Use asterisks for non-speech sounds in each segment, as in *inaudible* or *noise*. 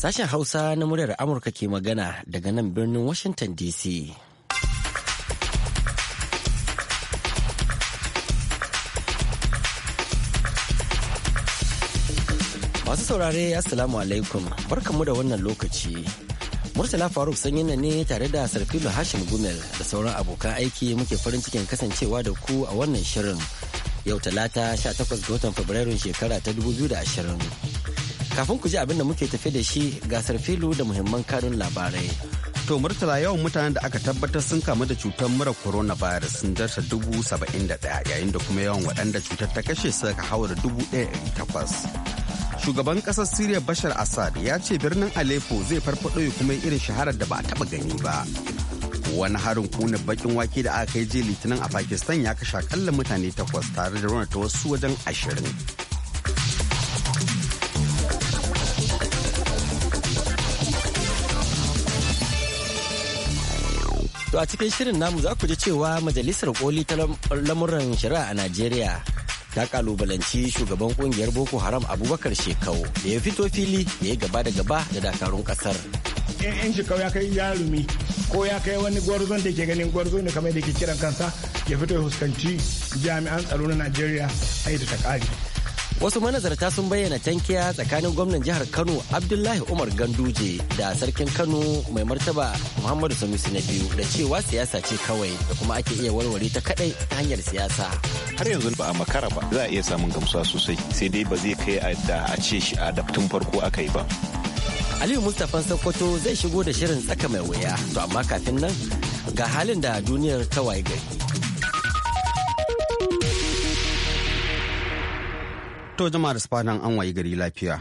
Sashen Hausa na muryar Amurka ke magana daga nan birnin Washington DC. Masu saurare Assalamu alaikum barkanmu da wannan lokaci. Murtala Faruk yi ne tare da Sarfilo Hashim Gumel da sauran abokan aiki muke farin cikin kasancewa da ku a wannan shirin. Yau talata 18 ga watan Fabrairun shekara ta 2020. Kafin ku ji abin da muke tafe da shi gasar filu da muhimman kanun labarai. To Murtala yawan mutanen da aka tabbatar sun kamu da cutar mura Corona coronavirus sun darta dubu saba'in da ɗaya yayin da kuma yawan waɗanda cutar ta kashe suka hawa da dubu ɗaya takwas. Shugaban ƙasar Siriya Bashar Assad ya ce birnin Aleppo zai farfaɗo ya kuma irin shaharar da ba a taɓa gani ba. wani harin kuna bakin wake da aka yi je litinin a pakistan ya kashe akalla mutane takwas tare da ta wasu wajen ashirin To a cikin shirin namu za ku ji cewa majalisar koli ta lamuran shari'a a Najeriya ta kalubalanci shugaban kungiyar Boko Haram Abubakar Shekau da ya fito fili da ya gaba da gaba da dakarun kasar. Yan shekau ya kai yarumi ko ya kai wani gwarzon da ke ganin gwarzo ne kamar da ke kiran kansa ya fito ya fuskanci jami'an tsaro na Najeriya a yi ta wasu manazarta sun bayyana tankiya tsakanin gwamnan jihar kano abdullahi umar ganduje da sarkin kano mai martaba muhammadu sanusi na biyu da cewa siyasa ce kawai da kuma ake iya warware ta kadai ta hanyar siyasa har yanzu ba a makara ba za a iya samun gamsuwa sosai sai dai ba zai kai a ce shi a daftun farko aka yi ba Aliyu Mustapha Sokoto zai shigo da shirin tsaka mai wuya. To amma kafin nan ga halin da duniyar ta waye gari. To jama'a da an wayi gari lafiya.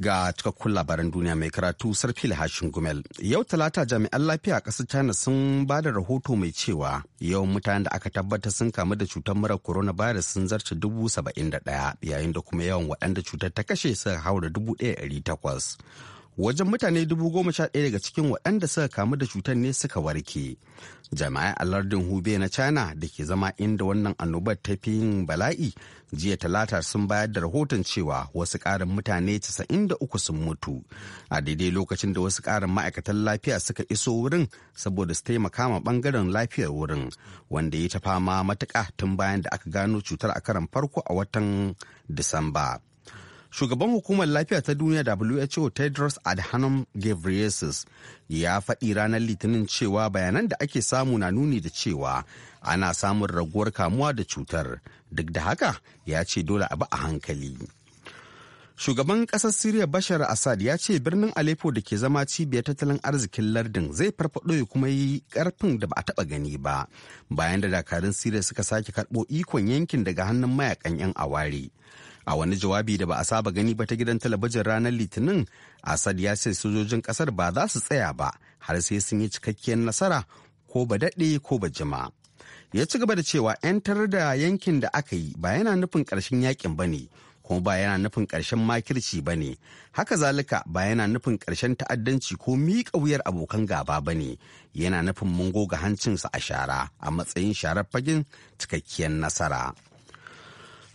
Ga cikakkun labaran duniya mai karatu sarfil hashin gumel. Yau talata jami'an lafiya a ƙasar China sun ba da rahoto mai cewa yawan mutanen da aka tabbata sun kamu da cutar mura coronavirus sun zarce dubu saba'in da ɗaya yayin da kuma yawan waɗanda cutar ta kashe suka haura dubu ɗaya ɗari takwas. wajen mutane dubu goma sha ɗaya daga cikin waɗanda suka kamu da cutar ne suka warke jami'ai a lardin hubei na china da ke zama inda wannan annobar ta fi yin bala'i jiya talata sun bayar da rahoton cewa wasu ƙarin mutane casa'in da uku sun mutu a daidai lokacin da wasu ƙarin ma'aikatan lafiya suka iso wurin saboda su taimaka ma ɓangaren lafiyar wurin wanda ya ta fama matuƙa tun bayan da aka gano cutar a karan farko a watan disamba shugaban hukumar lafiya ta duniya who tedros adhanom ghebreyesus ya faɗi ranar litinin cewa bayanan da ake samu na nuni da cewa ana samun raguwar kamuwa da cutar duk da haka ya ce dole a bi a hankali shugaban ƙasar siriya bashar assad ya ce birnin aleppo da ke zama cibiyar tattalin arzikin lardin zai farfaɗo ya kuma yi ƙarfin da ba a taɓa gani ba bayan da dakarun siriya suka sake karɓo ikon yankin daga hannun mayakan 'yan aware a wani jawabi da ba a saba gani ba ta gidan talabijin ranar litinin asad ya ce sojojin kasar ba za su tsaya ba har sai sun yi cikakkiyar nasara ko ba daɗe ko ba jima ya ci gaba da cewa 'yantar da yankin da aka yi ba yana nufin ƙarshen yakin ba ne kuma ba yana nufin ƙarshen makirci ba ne haka zalika ba yana nufin ƙarshen ta'addanci ko miƙa wuyar abokan gaba ba ne yana nufin mun ga hancinsa a shara a matsayin sharar fagen cikakkiyar nasara.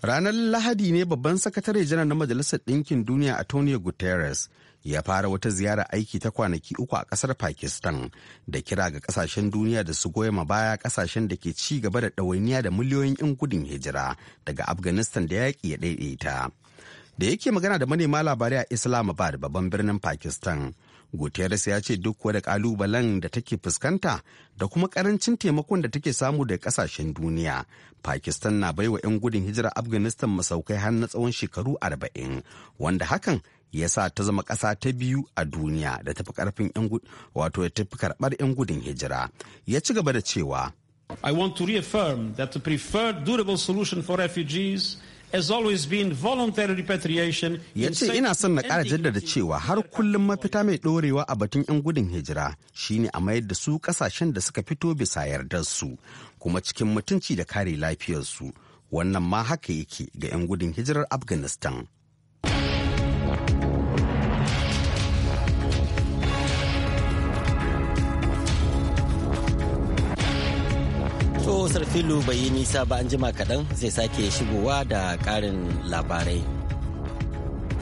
Ranar Lahadi ne babban sakatare janar na Majalisar Ɗinkin Duniya a Antonio Guterres ya fara wata ziyara aiki ta kwanaki uku a ƙasar Pakistan da kira ga ƙasashen duniya da su goya ma baya ƙasashen da ke ci gaba da ɗawainiya da miliyoyin 'yan gudun hijira daga Afghanistan da yaƙi ya ɗaiɗaita. Da yake magana da manema labarai a Islamabad babban birnin Pakistan. guterres ya ce duk da kalubalen da take fuskanta da kuma karancin taimakon da take samu daga kasashen duniya pakistan na baiwa 'yan gudun hijira afghanistan masaukai har na tsawon shekaru 40 wanda hakan ya sa ta zama ƙasa ta biyu a duniya da tafi karfin wato ya tafi karɓar 'yan gudun hijira ya ci gaba da cewa I want to reaffirm that the preferred durable solution for refugees Ya ce ina son na ƙara jaddada cewa har kullum mafita mai ɗorewa a batun 'yan gudun hijira shine a mayar da su ƙasashen da suka fito bisa yardar su kuma cikin mutunci da kare lafiyarsu. Wannan ma haka yake ga 'yan gudun hijirar Afghanistan. Musar Filu bai yi nisa ba an jima kaɗan zai sake shigowa da ƙarin labarai.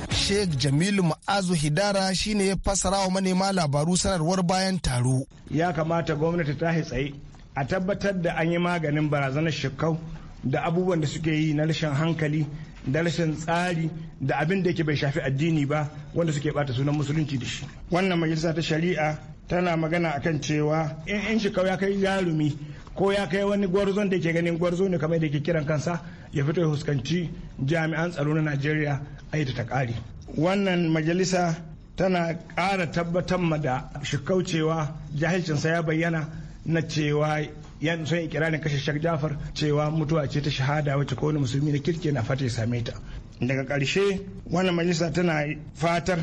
Sheikh Jamilu Ma'azu Hidara shine ya fassara wa manema labaru sanarwar bayan taro. Ya kamata gwamnati ta tsaye a tabbatar da an yi maganin barazanar shekau da abubuwan da suke yi na rashin hankali da rashin tsari da abin da yake bai shafi addini ba wanda suke bata sunan musulunci da shi. Wannan majalisa ta shari'a tana magana akan cewa in in shekau ya kai yarumi ko ya kai wani gwarzon da ke ganin gwarzo ne kamar da ke kiran kansa ya fito ya huskanci jami'an tsaro na najeriya a yi ta ƙari wannan majalisa tana ƙara tabbatar ma da shikaucewa jahilcinsa ya bayyana na cewa yan son ikirarin kashe shak jafar cewa mutuwa ce ta shahada wacce kowane musulmi na kirki na fata ya same ta daga ƙarshe wannan majalisa tana fatar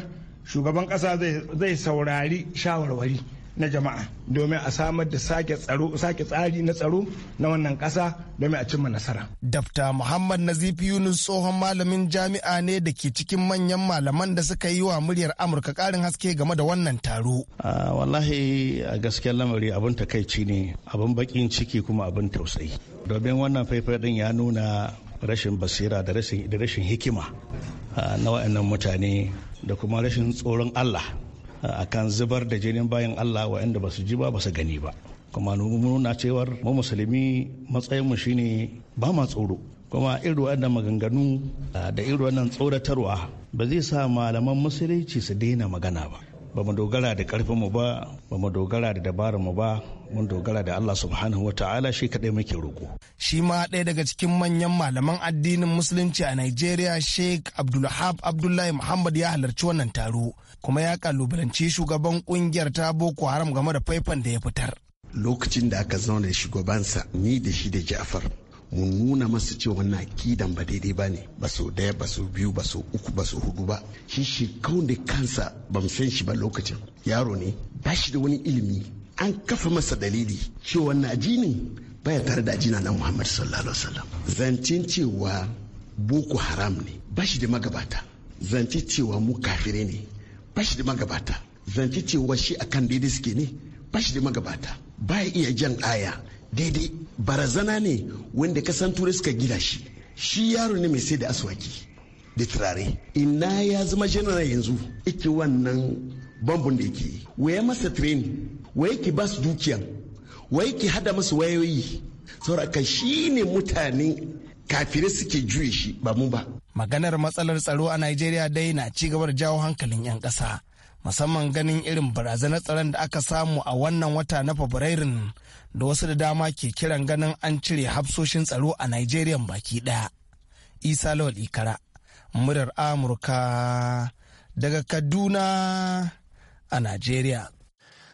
shugaban ƙasa zai saurari shawarwari na jama'a domin a samar da sake tsaro sake tsari na tsaro na wannan ƙasa domin a cimma nasara. Dafta Muhammad Nazif Yunus tsohon malamin jami'a ne da ke cikin manyan malaman da suka yi wa muryar Amurka karin haske game da wannan taro. Wallahi a gaskiyar lamari abin takaici ne abin bakin ciki kuma abin tausayi. Domin wannan faifai din ya nuna rashin basira da rashin hikima na wa'annan mutane da kuma rashin tsoron Allah a kan zubar da jinin bayan Allah waɗanda ba su ji ba ba su gani ba kuma nuna cewar mu musulmi matsayinmu shine ba ma tsoro kuma irin wannan maganganu da irin wannan tsoratarwa ba zai sa malaman musulunci su daina magana ba ba mu dogara da karfinmu ba ba mu dogara da dabararmu ba mun dogara da Allah subhanahu wata'ala shi kaɗai muke roƙo. Shi ma ɗaya daga cikin manyan malaman addinin musulunci a Najeriya Sheikh Abdulhab Abdullahi Muhammad ya halarci wannan taro kuma ya kalubalanci shugaban kungiyar ta boko haram game da faifan da ya fitar lokacin da aka zauna shugabansa ni da shi da ja'far mun nuna masa cewa wannan akidan ba daidai ba ne ba so daya ba so biyu ba so uku ba so hudu ba shi shi da kansa ba san shi ba lokacin yaro ne ba shi da wani ilimi an kafa masa dalili cewa na ajinin baya tare da ajina na muhammad sallallahu alaihi wasallam zancen cewa boko haram ne ba shi da magabata zance cewa mu kafire ne Bashi da magabata zance cewa shi a kan daidai suke ne bashi da magabata ba iya jan aya daidai barazana ne wanda kasan turai suka gida shi shi yaro ne mai sai da aswaki da turare ina ya zama general yanzu ike wannan bambun da yake waya masa train waya ki ba su dukiyan waya ke hada masa wayoyi sauraka shi ne mutane kafirai suke juye shi ba mu ba maganar matsalar tsaro a najeriya dai na ci gaba da jawo hankalin 'yan ƙasa musamman ganin irin barazanar tsaron da aka samu a wannan wata na fabrairun da wasu da dama ke kiran ganin an cire hafsoshin tsaro a Najeriya baki ɗaya Isa Lawal Ikara, murar Amurka daga Kaduna a Najeriya.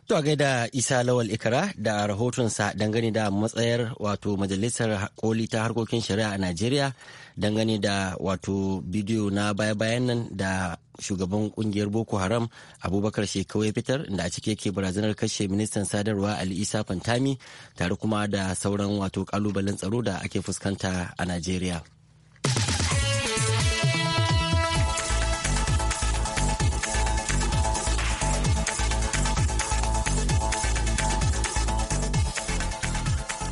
To a gaida Isa Lawal Ikara da rahotonsa dangane da matsayar wato majalisar koli ta harkokin shari'a a Najeriya dangane da wato bidiyo na baya-bayan nan da shugaban kungiyar Boko Haram Abubakar Shekau ya fitar da a cike yake barazanar kashe ministan sadarwa Ali Isa Fantami tare kuma da sauran wato kalubalen tsaro da ake fuskanta a Najeriya.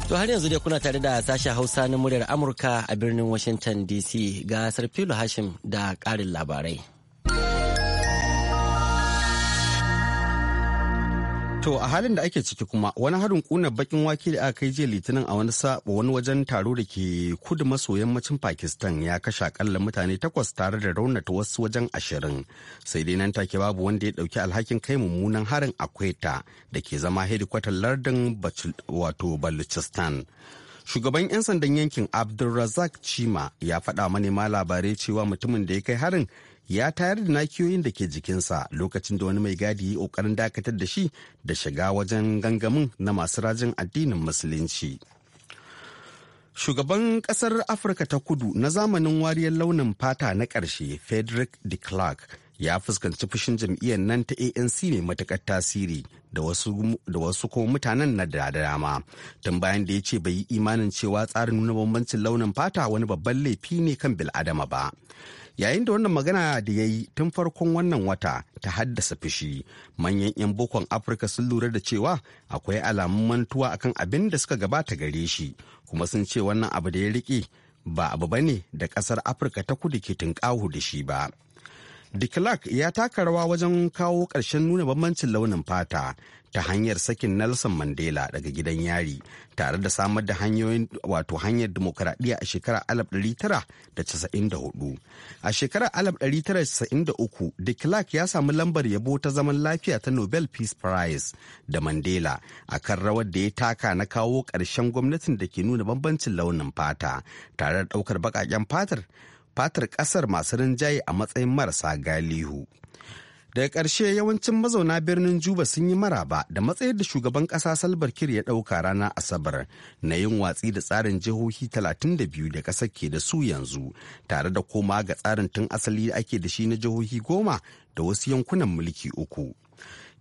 To har yanzu dai kuna tare da sashen Hausa na muryar Amurka a birnin Washington DC ga Sarfilo Hashim da ƙarin labarai. To a halin da ake ciki kuma wani harin kuna bakin wake da aka kai jiya litinin a wani sabo wani wajen taro da ke kudu maso yammacin Pakistan ya kashe akalla mutane takwas tare da raunata wasu wajen ashirin. Sai dai nan take babu wanda ya dauki alhakin kai mummunan harin a Kweta da ke zama hedikwatar lardin wato Baluchistan. Shugaban 'yan sandan yankin Abdulrazak Chima ya faɗa manema labarai cewa mutumin da ya kai harin ya tayar da nakiyoyin da ke jikinsa lokacin da wani mai gadi ya yi ƙoƙarin dakatar da shi da shiga wajen gangamin na masu rajin addinin musulunci shugaban ƙasar afirka ta kudu na zamanin wariyar launin fata na ƙarshe frederick de klerk ya fuskanci fushin jam'iyyar nan ta anc mai matukar tasiri da wasu ko mutanen na da dama tun bayan da ya ce bai yi imanin cewa tsarin nuna bambancin launin fata wani babban laifi ne kan bil'adama ba yayin da wannan magana da ya yi tun farkon wannan wata ta haddasa fushi manyan 'yan bokon afirka sun lura da cewa akwai alamun mantuwa akan abin da suka gabata gare shi kuma sun ce wannan abu da ya riƙe ba abu bane da ƙasar afirka ta kudu ke tunƙahu da shi ba de klerk ya taka rawa wajen kawo ƙarshen nuna bambancin launin fata ta hanyar sakin nelson mandela daga gidan yari tare da samar da hanyoyin wato hanyar demokuraɗiyya a shekarar 1994 a shekarar 1993 de klerk ya samu lambar yabo ta zaman lafiya ta nobel peace prize da mandela a kan rawar da ya taka na kawo ƙarshen gwamnatin da ke nuna bambancin launin fata tare da ɗaukar baƙaƙen fatar fatar ƙasar masu rinjaye a matsayin marasa galihu. Daga ƙarshe yawancin mazauna birnin Juba sun yi maraba da matsayar da shugaban ƙasa Salbar Kir ya ɗauka rana Asabar na yin watsi da tsarin jihohi 32 da ƙasar ke da su yanzu tare da koma ga tsarin tun asali da ake da shi na jihohi goma da wasu yankunan mulki uku.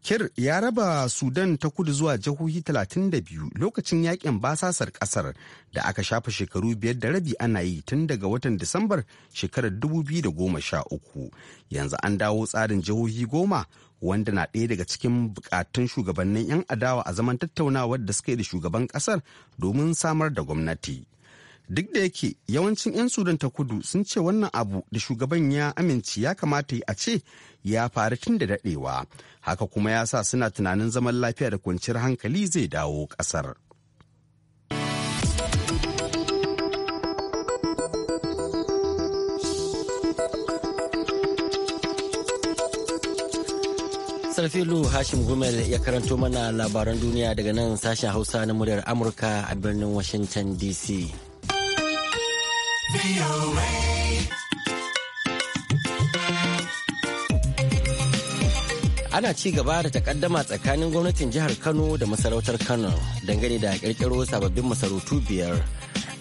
Kir ya raba Sudan ta kudu zuwa jihohi 32 lokacin yakin basasar kasar da aka shafa shekaru biyar da rabi ana yi tun daga watan Disambar shekarar 2013. Yanzu an dawo tsarin jihohi goma wanda na ɗaya daga cikin bukatun shugabannin 'yan adawa a zaman tattaunawar da suka yi da shugaban kasar domin samar da gwamnati. duk da yake yawancin 'yan sudan ta kudu sun ce wannan abu da shugaban ya amince ya kamata a ce ya faru tun da daɗewa haka kuma ya sa suna tunanin zaman lafiya da kwanciyar hankali zai dawo ƙasar sarfilu hashim gumel ya karanto mana labaran duniya daga nan sashen hausa na muryar amurka a birnin washington dc ana ci gaba da takaddama tsakanin gwamnatin jihar kano da masarautar kano dangane da kirkiro sababbin masarautu biyar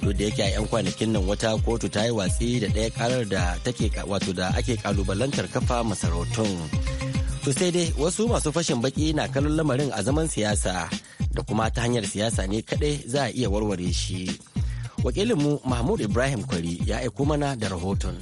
duk da yake a 'yan kwanakin nan wata kotu ta yi watsi da ɗaya karar da take wato da ake kalubalantar kafa masarautun to sai dai wasu masu fashin baki na kallon lamarin a zaman siyasa da kuma ta hanyar siyasa ne kaɗai za a iya warware shi. wakilinmu mahmud ibrahim kwari ya aiko mana da rahoton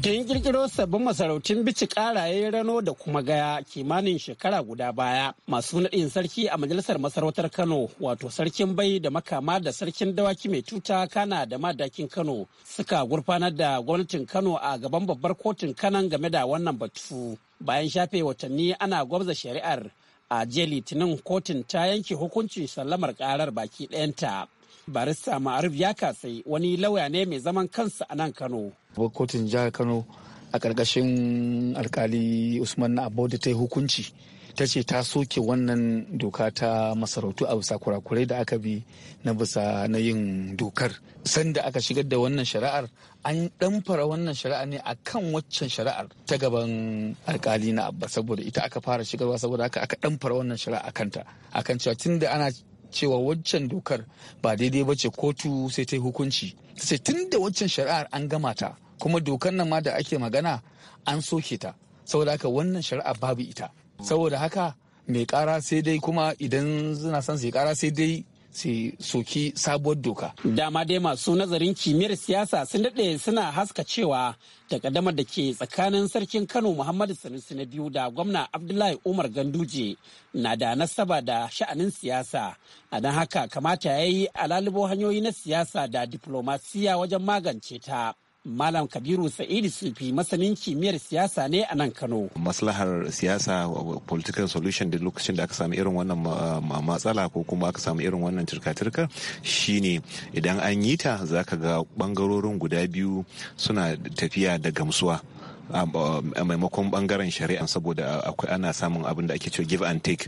tun kirkiro sabbin masarautun bici karaye rano da kuma gaya kimanin shekara guda baya masu naɗin sarki a majalisar masarautar kano wato sarkin bai da makama da sarkin dawaki mai tuta kana da madakin kano suka gurfanar da gwamnatin kano a gaban babbar kotun kanan game da wannan batu bayan shafe watanni ana gwabza shari'ar a jiya litinin kotun ta yanke hukuncin sallamar karar baki ɗayanta barista ma'arif ya katse wani lauya ne mai zaman kansa a nan kano kotun jihar kano a ƙarƙashin alkali usman na abu ta yi hukunci ta ce ta soke wannan doka ta masarautu a bisa kurakurai da aka bi na bisa na yin dokar sanda aka shigar da wannan shari'ar an fara wannan shari'a ne a kan waccan shari'ar ta gaban alkali na abba saboda ita aka fara shigarwa saboda aka dan fara wannan shari'a a kanta akan cewa tun ana cewa wancan dokar ba daidai ba ce kotu sai ta yi hukunci ta ce tun da wancan shari'ar an gama ta kuma dokar nan ma da ake magana an soke ta saboda haka wannan shari'a babu ita saboda haka mai kara sai dai kuma idan suna son su kara sai dai su soki sabuwar doka. Dama dai masu nazarin kimiyyar siyasa sun daɗe suna haska cewa takaddamar da ke tsakanin sarkin Kano Muhammadu Sanusi na biyu da gwamna Abdullahi Umar Ganduje na da nasaba da sha'anin siyasa. A don haka kamata ya yi alalibo hanyoyi na siyasa da diplomasiya wajen magance ta. Malam Kabiru Sa'idu Sufi masanin kimiyyar siyasa ne a nan Kano. Maslahar siyasa political solution da lokacin da aka samu irin wannan matsala ko kuma aka samu irin wannan turka-turka shine idan an yi ta za ka ga bangarorin guda biyu suna tafiya da gamsuwa. a maimakon bangaren shari'a saboda akwai ana samun abin da ake cewa give and take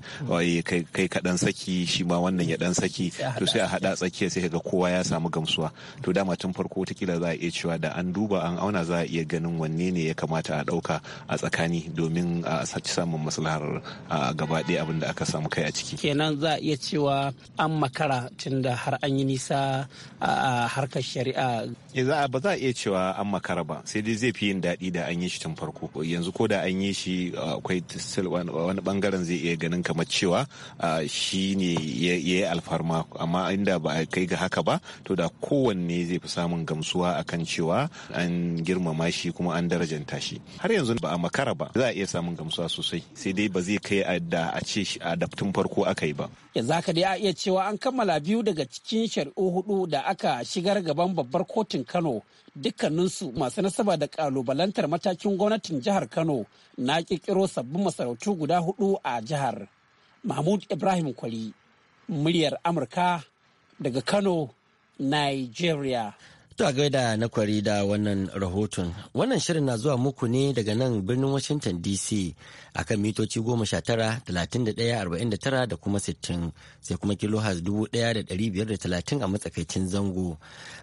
kai ka dan saki shi ma wannan ya dan saki to sai a hada tsakiya sai kaga kowa ya samu gamsuwa to dama tun farko watakila za a iya cewa da an duba an auna za a iya ganin wanne ne ya kamata a dauka a tsakani domin a samun maslahar gaba ɗaya abin da aka samu kai a ciki kenan za a iya cewa an makara tunda har an yi nisa a harkar shari'a eh, ba za a iya cewa an makara ba sai dai zai fi yin daɗi da an yi yi shi tun farko yanzu ko da an yi shi uh, akwai wani bangaren zai iya ganin kamar cewa uh, shi ne ya yi alfarma amma inda ba a kai ga haka ba to da kowanne zai fi samun gamsuwa akan cewa an girmama shi kuma an darajanta shi har yanzu ba a makara ba za a iya samun gamsuwa sosai sai dai ba zai kai da a ce a farko aka yi ba yanzu haka dai a iya cewa an kammala biyu daga cikin shari'u hudu da aka shigar gaban babbar kotun kano dukkaninsu masu nasaba da kalubalantar mata matakin gwamnatin jihar Kano na kirkiro sabbin masarautu guda hudu a jihar. Mahmud Ibrahim Kwari, muryar Amurka daga Kano, Nigeria. To a gaida na kwari da wannan rahoton. Wannan shirin na zuwa muku ne daga nan birnin Washington DC a kan mitoci 19,31,49 da kuma 60 sai kuma kilohaz 1,530 a matsakaicin zango.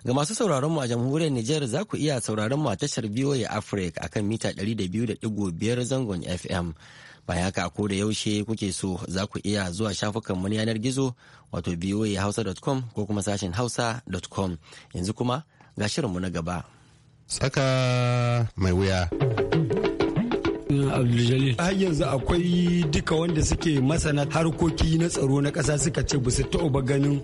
Ga masu sauraron mu a jamhuriyar Nijar za ku iya sauraron mu a tashar VOA Africa a kan mita 200.5 zangon FM. Bayan haka ko da yaushe kuke so za ku iya zuwa shafukan mu yanar gizo wato voahausa.com ko kuma sashen hausa.com yanzu kuma ga shirinmu na gaba. Tsaka mai wuya. Abdul Har yanzu akwai duka wanda suke masana harkoki na tsaro na kasa suka ce bisa taɓa ba ganin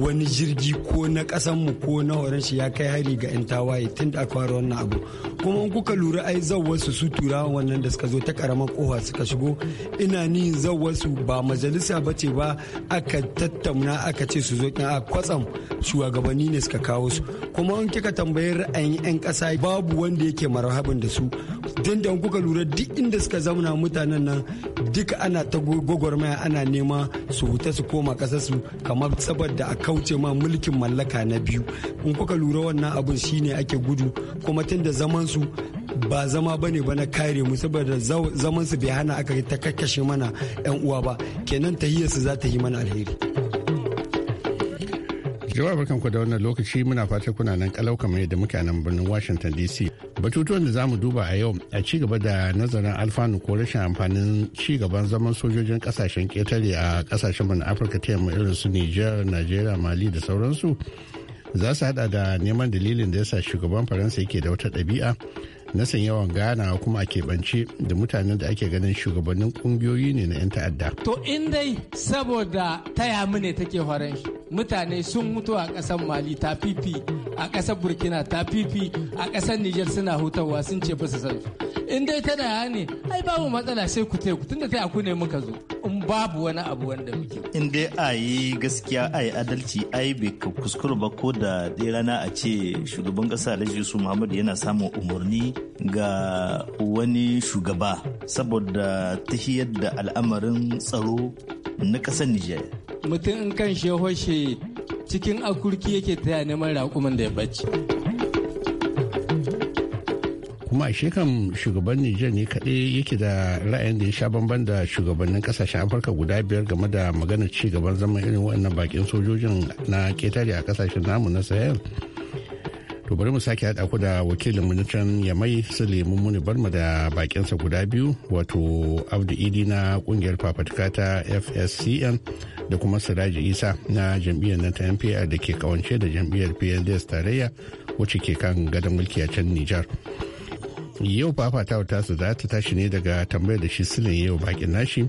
wani jirgi ko na mu ko na horon shi ya kai hari ga 'yan tawaye tun da aka fara wannan abu. Kuma in kuka lura ai zawwarsu su turawan wannan da suka zo ta karamar kofa suka shigo ina ni zawwarsu ba majalisa ba ce ba aka tattauna aka ce su zo a kwatsam shugabanni ne suka kawo su. Kuma in kika tambayi ra'ayin 'yan ƙasa babu wanda yake marhabin da su. Tun da kuka lura duk inda suka zauna mutanen nan duka ana ta gwagwarmaya ana nema su wuta su koma kasar su kamar saboda a kauce ma mulkin mallaka na biyu in kuka lura wannan abin shine ake gudu kuma tun da zaman su ba zama ba ne ba na kare mu saboda zaman su bai hana aka ta kakkashe mana yan uwa ba kenan tahiyarsu za ta yi mana alheri Jama'a barkanku da wannan lokaci muna fata kuna nan kalau kamar yadda muke nan birnin Washington DC. Batutuwan da zamu duba a yau a ci gaba da nazarin alfanu ko rashin amfanin ci gaban zaman sojojin kasashen ketare a kasashen mu na Afirka ta yamma irin su Niger, nigeria Mali da sauransu. Za su hada da neman dalilin da yasa shugaban Faransa yake da wata ɗabi'a na san yawan gana kuma a keɓance da mutanen da ake ganin shugabannin ƙungiyoyi ne na 'yan ta'adda. To in dai saboda taya mu ne take horon mutane sun mutu a ƙasar mali fifi a ƙasar burkina fifi a ƙasar niger suna hutawa sun ce basu san in dai tana ya ne ai babu matsala sai ku teku tunda ta ku ne muka zo in babu wani abu wanda muke in dai a yi gaskiya a yi adalci ai bai ka kuskure ba ko da ɗaya rana a ce shugaban ƙasa alhaji yusuf muhammadu yana samun umarni ga wani shugaba saboda tahiyar da al'amarin tsaro na ƙasar Nijar. mutum in kan shi cikin akurki yake taya neman raƙumin da ya bacci. kuma a shekan shugaban nijar ne kaɗai yake da ra'ayin da ya sha bamban da shugabannin kasashen afirka guda biyar game da maganar ci gaban zaman irin waɗannan bakin sojojin na ketare a kasashen namu na sahel to bari mu sake haɗa ku da wakilin mu na can yamai su muni muni barma da bakinsa guda biyu wato abdu idi na kungiyar fafatuka ta fscn da kuma siraji isa na jam'iyyar na ta npr da ke kawance da jam'iyyar pnds tarayya wacce ke kan gadon mulki a can nijar yau fafatawa tasu za ta tashi ne daga tambayar da shi silin yau bakin nashi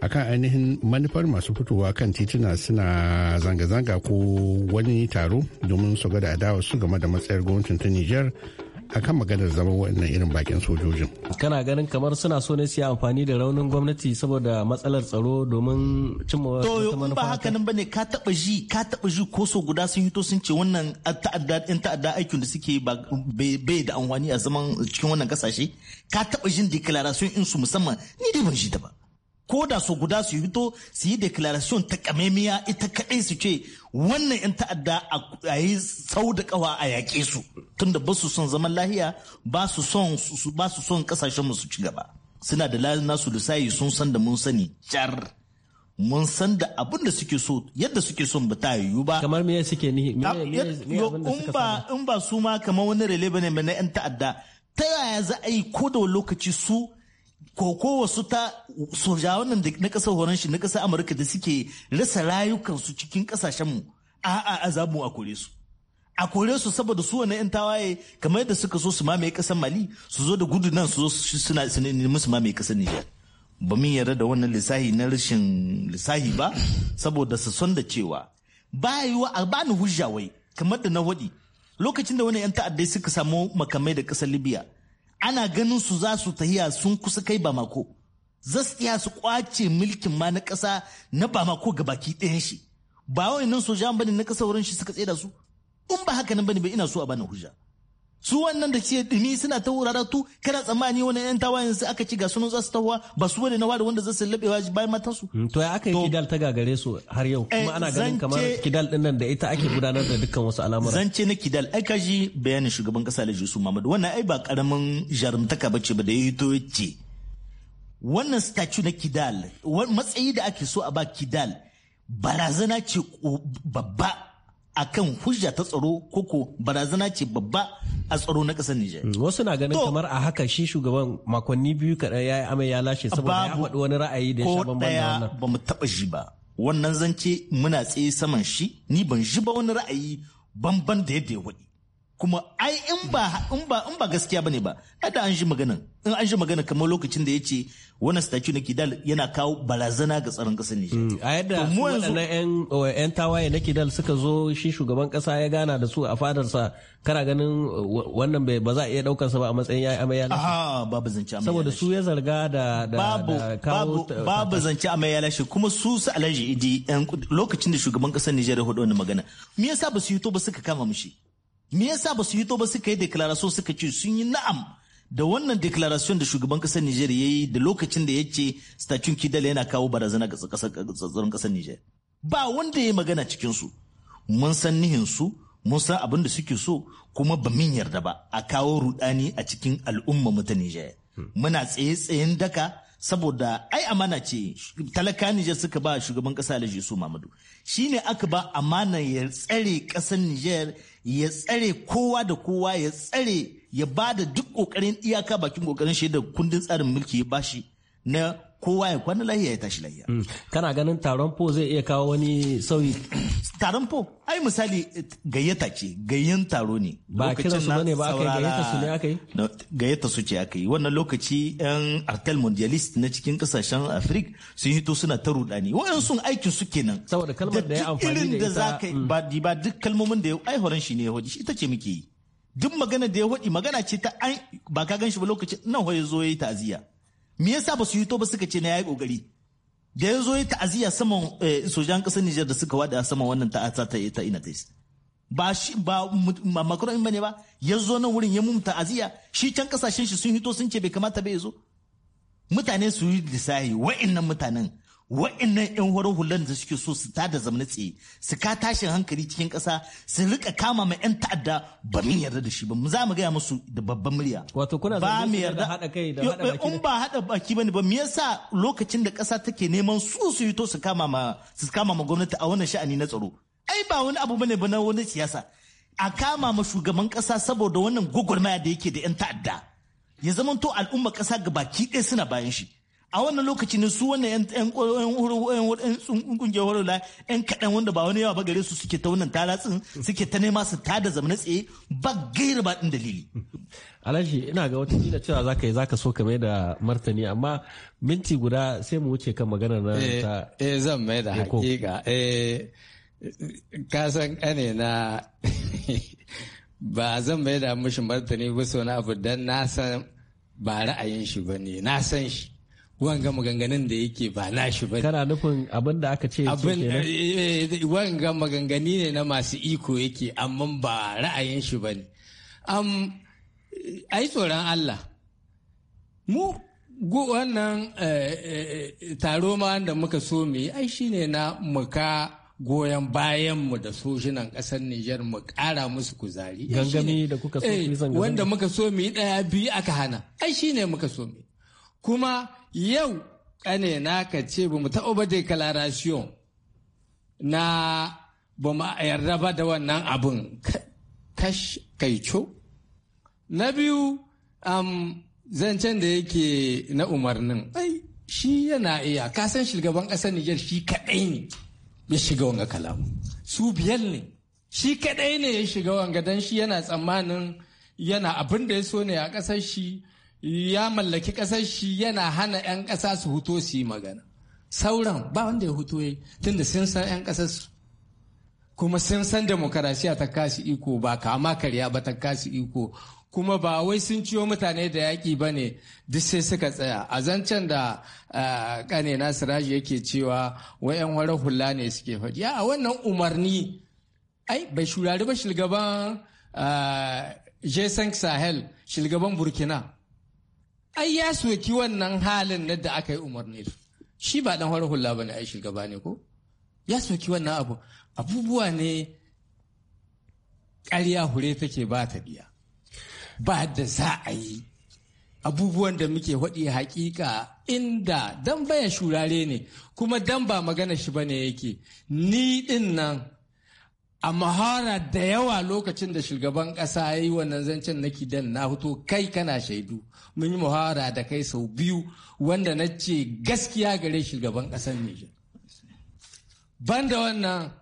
akan ainihin manufar masu fitowa kan tituna suna zanga-zanga ko wani taro domin su gada adawa su game da matsayar gwamnatin ta Nijar akan maganar zaman wannan irin bakin sojojin. Kana ganin kamar suna so ne siya amfani da raunin gwamnati saboda matsalar tsaro domin cimma wata manufa. To ba haka nan bane ka taba ji ka taba ji ko so guda sun hito sun ce wannan ta'adda in ta'adda aikin da suke bai da amfani a zaman cikin wannan kasashe ka taba jin declaration in su musamman ni dai ban ji da ba. ko da su guda su hito su yi declaration ta kamemiya ita kaɗai su ce wannan 'yan ta'adda a yi sau da kawa a yaƙe su tunda ba su son zaman lahiya ba su son kasashen mu su ci gaba suna da lalin nasu lusayi sun san da mun sani jar mun san da abin da suke so yadda suke son ba ta yiwu ba kamar me suke ni in ba su ma kamar wani rele bane na 'yan ta'adda ta yaya za a yi ko da lokaci su Koko wasu ta sojawan nan na ƙasar horon shi na ƙasar amurka da suke rasa rayukansu cikin ƙasashenmu a'a a zamu a kore su a kore su saboda su wani 'yan tawaye kamar yadda suka so su mamaye kasar mali su zo da gudu nan su zo suna nemi su mamaye kasar nijar ba min yarda da wannan lissahi na rashin lissahi ba saboda su son da cewa ba yiwa a bani hujja wai kamar da na waɗi lokacin da wani 'yan ta'addai suka samu makamai da kasar libya ana ganin su za su tahiya sun kusa kai bamako za su iya su kwace mulkin ma na ƙasa na bamako ga baki ɗayan shi ba wa'annan sojan bane na ƙasa wurin shi suka tsaye da su in ba haka nan bane bai ina so a bani hujja su wannan da ce dumi suna ta wurare tu kana tsammani wani yan tawa yanzu aka ci ga sunan su tawa ba su wani na da wanda zasu labewa bayan matan su mm, to ya aka yi kidal ta gagare su har yau kuma ana eh, ganin kamar kidal din nan da ita ake gudanar da dukkan wasu al'amura zance na kidal ai kaji bayanin shugaban kasa Alhaji Yusuf Muhammad wannan ai ba karamin jarumtaka bace ba da ya to yace wannan statue na kidal matsayi da ake so a ba kidal barazana ce babba a kan hujja ta tsaro koko barazana ce babba a tsaro na ƙasar Nijar. Mm, wasu na ganin kamar a haka shi shugaban makonni biyu kaɗai ya yi amai ya lashe saboda ya faɗi wani ra'ayi da ya sha bambam da wannan. ba mu taɓa shi ba. Wannan zance muna tsaye saman shi ni ban shi ba wani ra'ayi bamban da yadda ya waɗi. kuma ai in ba in ba in ba gaskiya bane ba kada an ji maganan in an ji magana kamar lokacin da yace wannan statue na Kidal yana kawo barazana ga tsaron kasar Nijar hmm, a yadda waɗannan yan yan tawaye na Kidal suka zo shi shugaban kasa ya gana da su a fadar sa kana ganin wannan bai ba za a iya daukar sa ba a matsayin yayi amai yalashi a babu zance amai saboda su ya zarga da babu babu babu zance la shi kuma su su alaji idi lokacin da shugaban kasar Nijar ya hudu wannan magana me yasa ba su yi to ba suka kama mishi me yasa ba su yi to ba suka yi declaration suka ce sun yi na'am da wannan declaration da shugaban kasar Nijar ya yi da lokacin da ya ce statun kidal yana kawo barazana ga tsatsarin kasar Nijar. Ba wanda ya yi magana cikinsu. Mun san nihinsu, mun san abin da suke so, kuma ba min yarda ba a kawo rudani a cikin al'umma mu ta Nijar. Muna tsaye tsayen daka saboda ai amana ce talaka Nijar suka ba shugaban kasa Alhaji Su Mamadu. ne aka ba amana ya tsare kasar Nijar ya tsare kowa da kowa ya tsare ya ba da duk kokarin iyaka bakin kokarin shi da kundin tsarin mulki ya bashi na kowa ya kwana lahiya ya tashi lahiya. Mm. Kana ganin taron po zai iya kawo wani sauyi? Taron po, ai misali gayyata ce, gayyan taro ne. Ba kira su bane ba aka yi gayyata su ne aka yi? Gayyata su ce aka yi. Wannan lokaci yan artel mondialist na cikin kasashen Afrik sun hito suna ta rudani. Wa'yan sun aikin su kenan. Saboda kalmar da ya amfani da ita. Da mm. Ba ba duk kalmomin da ya horon shi ne ya shi ita ce muke yi. Duk magana da ya hoɗi magana ce ta ba ka gan shi ba lokacin nan hoya zo ya yi ta'aziyya. me yasa ba su yi to ba suka ce na yayi kokari da ya zo ya ta'aziyya saman eh, sojan ƙasar Nijar da suka wada saman wannan ta'ata ta ta ina ta ba shi ba Macron in bane ba ya zo nan wurin ya mumta aziya shi can kasashen shi sun hito sun ce bai kamata ba ya zo mutane su yi lissahi wa'annan mutanen wa'annan 'yan horar hular da suke so su tada zamna tsaye su ka tashin hankali cikin ƙasa su rika kama ma 'yan ta'adda ba mu yarda da shi ba mu za mu gaya musu da babban murya wato kuna ba mu yarda haɗa kai da hada baki in ba hada baki bane ba me yasa lokacin da ƙasa take neman su su yi to su kama ma su kama ma gwamnati a wannan sha'ani na tsaro ai ba wani abu bane ba na wani siyasa a kama ma shugaban ƙasa saboda wannan gwagwarmaya da yake da 'yan ta'adda ya zamanto al'umma ƙasa ga baki ɗaya suna bayan shi a wannan lokaci ne su wannan yan kungiyar horola yan kaɗan wanda ba wani yawa ba gare su suke ta wannan talatsin suke ta nema su ta da zamana tsaye ba gaira ba ɗin dalili. Alhaji ina ga wata kila cewa zaka yi zaka so ka mai da martani amma minti guda sai mu wuce kan magana na eh, ta. Eh zan mai da hakika eh, eh san kane na *laughs* ba zan mai da mushi martani ba so na abu dan na san ba ra'ayin shi ba ne na san shi. wanga maganganun da yake ba nashi ba kana nufin abin da aka ce eh, wanga magangani ne na masu iko yake amma ba ra'ayin shi ba ne ai tsoron Allah mu wannan eh, eh, taro ma da muka so mu yi ai shine na muka goyon bayan mu da sojinan ƙasar Nijar mu ƙara musu kuzari. Gangami da kuka so wanda muka so mu yi ɗaya biyu aka hana. Ai shine muka so mu. Kuma yau ƙane na ka ce ba mu taɓa ba declaration na ba mu yarda ba da wannan abin kash kaico na biyu um, zancen da yake na umarnin ai shi yana iya kasan shugaban ƙasar Nijar shi kaɗai ne ya shiga wanga kalamu su biyar ne shi kaɗai ne ya shiga wanga don shi yana tsammanin yana abin da ya so ne a ƙasar shi ya mallaki ƙasar shi yana hana 'yan ƙasa su huto su yi magana sauran ba wanda ya huto yi tunda sun san 'yan ƙasar su kuma sun san demokarasiya ta kashi iko ba kama karya ba ta kashi iko kuma ba wai sun ciyo mutane da yaƙi ba ne duk sai suka tsaya a zancen da ƙane na siraji yake cewa wai 'yan wara hula ne suke faɗi a wannan umarni ai bai shurari ba shugaban jason sahel shugaban burkina ai ya soki wannan halin na da aka yi umarni shi ba dan horar hula ba ne ai shugaba ne ko ya soki wannan abu abubuwa ne ƙarya hure take ba ta biya ba da za a yi abubuwan da muke haɗi hakika inda dan baya shurare ne kuma dan ba magana shi bane yake ni din nan a mahara da yawa lokacin da shugaban ƙasa ya yi wannan zancen na kidan na hoto kai kana shaidu mun yi mahara da kai sau biyu wanda na ce gaskiya gare shugaban kasar nijar banda wannan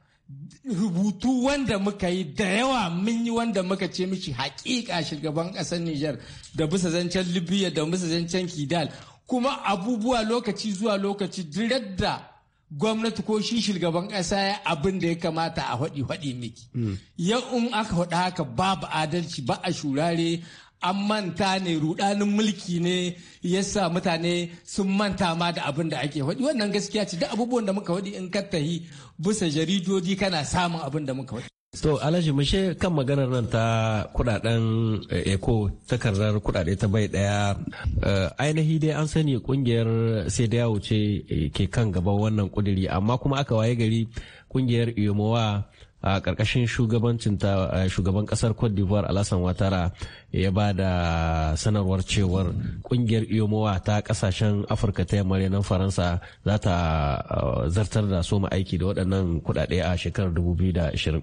rubutu wanda muka yi da yawa mun yi wanda muka ce mishi hakika shugaban kasar nijar da bisa zancen libya da bisa zancen kidal kuma abubuwa lokaci zuwa lokaci da gwamnati ko shi shugaban kasa ya abin da ya kamata a haɗi haɗi miki. Hmm. Yau in aka haɗa haka babu adalci ba a shurare an manta ne rudanin mulki ne ya sa mutane sun manta ma da abin da ake haɗi wannan gaskiya ce da abubuwan da muka haɗi in ka tahi bisa jaridodi kana samun abin da muka so Alhaji mushe kan maganar nan ta kudaden eko eh, takardar kudade ta bai daya eh, ainihi dai an sani kungiyar sai da yawo ce eh, ke kan gaban wannan kudiri amma kuma aka waye gari kungiyar iyomowa a karkashin shugabancin ta shugaban kasar Cote d'Ivoire Alassane Ouattara ya ba da sanarwar cewar kungiyar iyomowa ta kasashen afirka ta yamma nan faransa za ta zartar da soma aiki da waɗannan kudade a shekarar 2020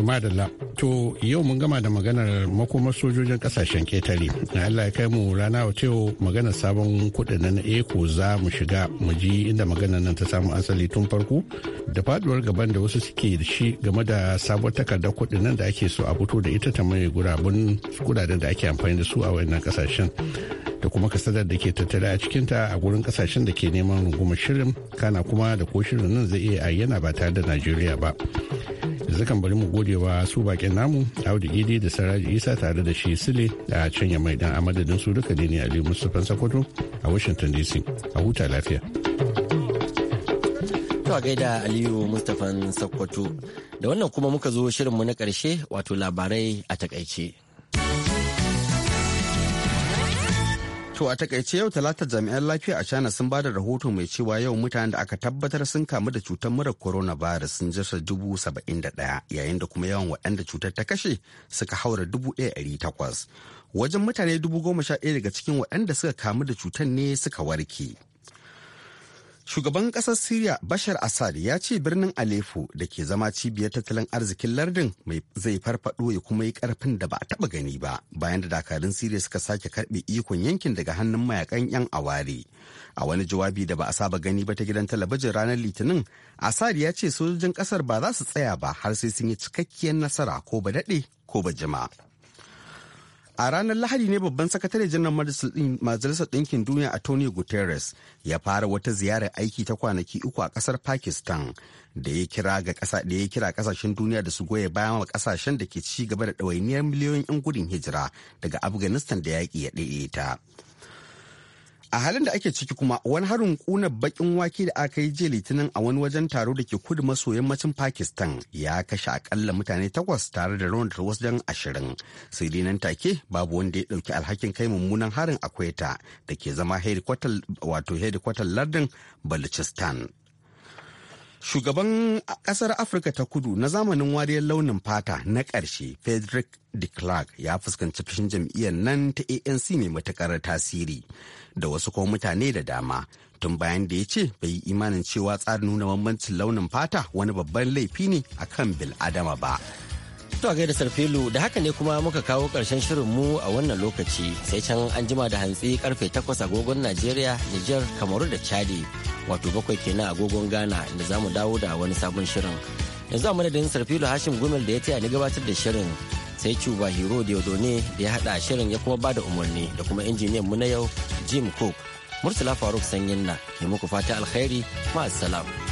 To madalla. To yau mun gama da maganar makomar sojojin kasashen ketare. Na Allah ya kai mu rana wa yau maganar sabon kuɗin na eko za mu shiga mu ji inda maganar nan ta samu asali tun farko da faduwar gaban da wasu suke da shi game da sabon takardar kuɗin nan da ake so a fito da ita ta mai gurabun kudaden da ake amfani da su a wayannan kasashen. da kuma kasadar da ke tattare a cikin ta a gurin kasashen da ke neman rungumar shirin kana kuma da ko shirin nan zai iya ayyana ba tare da najeriya ba yanzu kan bari mu gode wa su bakin namu audu idi da saraji isa tare da shi sile da canya mai dan amadadin su duka ne ali mustapha sakwato a washington dc a huta lafiya to gaida aliyu mustapha sakwato da wannan kuma muka zo shirinmu na karshe wato labarai a takaice To a takaice yau talata jami'an lafiya a China sun bada rahoto mai cewa yau mutanen da aka tabbatar sun kamu da cutar mura coronavirus sun jasa dubu saba'in da ɗaya yayin da kuma yawan waɗanda cutar ta kashe suka haura dubu ɗaya ɗari takwas. Wajen mutane dubu goma sha ɗaya daga cikin waɗanda suka kamu da cutar ne suka warke. Shugaban ƙasar Siriya Bashar Assad ya ce birnin Aleppo da ke zama cibiyar tattalin arzikin lardin mai zai farfaɗo ya kuma yi ƙarfin da ba a taɓa gani ba bayan da dakarun Siriya suka sake karɓe ikon yankin daga hannun mayakan 'yan aware. A wani jawabi da ba a saba gani ba ta gidan talabijin ranar Litinin, Assad ya ce sojojin ƙasar ba za su tsaya ba har sai sun yi cikakkiyar nasara ko ba daɗe ko ba jima. A ranar Lahadi ne babban sakatare janar Majalisar Ɗinkin Duniya a Tony Guterres ya fara wata ziyarar aiki ta kwanaki uku a ƙasar Pakistan da ya kira ga ƙasa da ya kira ƙasashen duniya da su goya bayan wa ƙasashen da ke ci gaba da ɗawainiyar miliyoyin 'yan gudun hijira daga Afghanistan da yaƙi ya ɗaya ta. a halin da ake ciki kuma wani harin kuna bakin wake da aka yi jiya litinin a wani wajen taro da ke kudu maso yammacin pakistan ya kashe akalla mutane takwas tare da rawan wasu dan ashirin sai dai nan take babu wanda ya dauki alhakin kai mummunan harin akweta da ke zama wato hedikwatar lardin balochistan Shugaban ƙasar Afirka ta kudu na zamanin wariyar launin fata na ƙarshe Frederick de Klerk ya fuskanci fushin jam'iyyar nan ta ANC mai matuƙar tasiri da wasu kuma mutane da dama tun bayan da ya ce bai yi imanin cewa tsarin nuna bambancin launin fata wani babban laifi ne a kan bil'adama ba. To gaida Sarfilu da haka ne kuma muka kawo ƙarshen shirinmu a wannan lokaci sai can an jima da hantsi karfe takwas agogon Najeriya, Nijar, Kamaru da Chadi wato bakwai kenan agogon Ghana da zamu dawo da wani sabon shirin. Yanzu a madadin Sarfilu Hashim Gumel da ya taya ni gabatar da shirin sai Cuba Hero Diodone da ya haɗa shirin ya kuma bada umarni da kuma injiniyan mu na yau Jim Cook. Murtala Faruk Sanyin na ke muku fata alkhairi ma